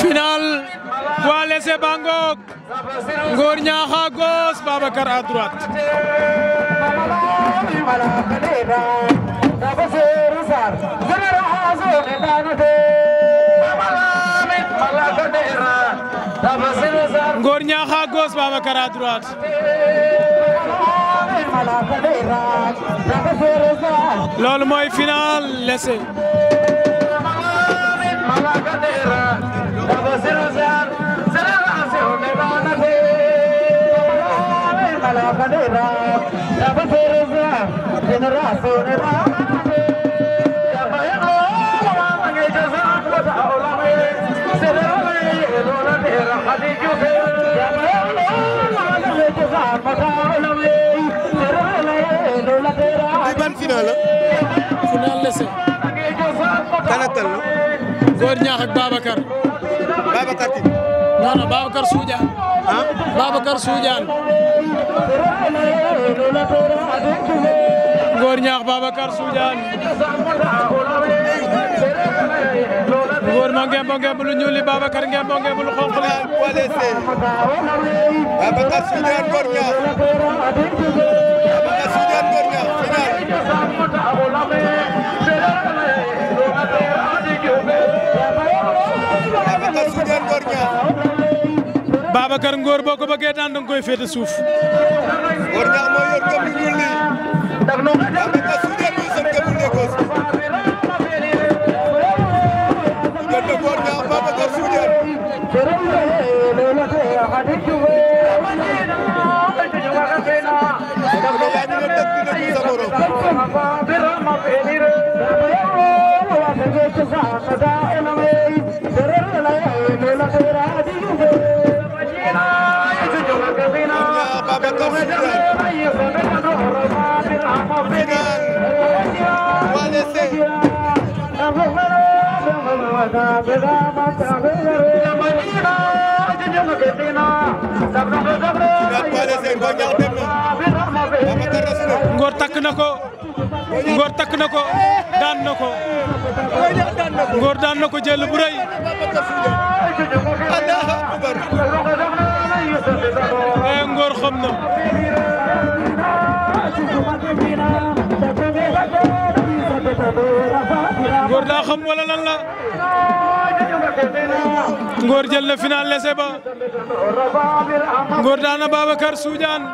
final waa lese bangok Ngor Niakha gauche Babacar à droite Ngor Niakha gauche Babacar loolu mooy final lese di ban final la ah? Mbër Ñaax ak Babacar. Babacar ti non non Babacar Soudiane. ah Babacar Soudiane. Ngor Ñaax Babacar Soudiane. Ngor ma ngeen bo ngeen lu ñuul li Babacar ngeen bo ngeen lu xonq li. Babacar Soudiane Ngor Ñaax. Babacar Soudiane Ngor Ñaax. Ngor Niakh. Babacar Ngor boo ko bëggee daan da nga koy féete suuf. Ngor Niakh moo yor gëm yu ñuul lii. Babacar su dee muy sën gëm yu nekkoon. diggante Ngor Niakh Babacar su dee. Ngor Niakh yaa ngi leen dëkk dina gis sa daga furan final walese Ngor takk na ko Ngor takk na ko daan na ko Ngor daan na ko jël bu dem na Ngor daa xam wala lan la Ngor jël na final lese ba Ngor daan na Babacar Soudiane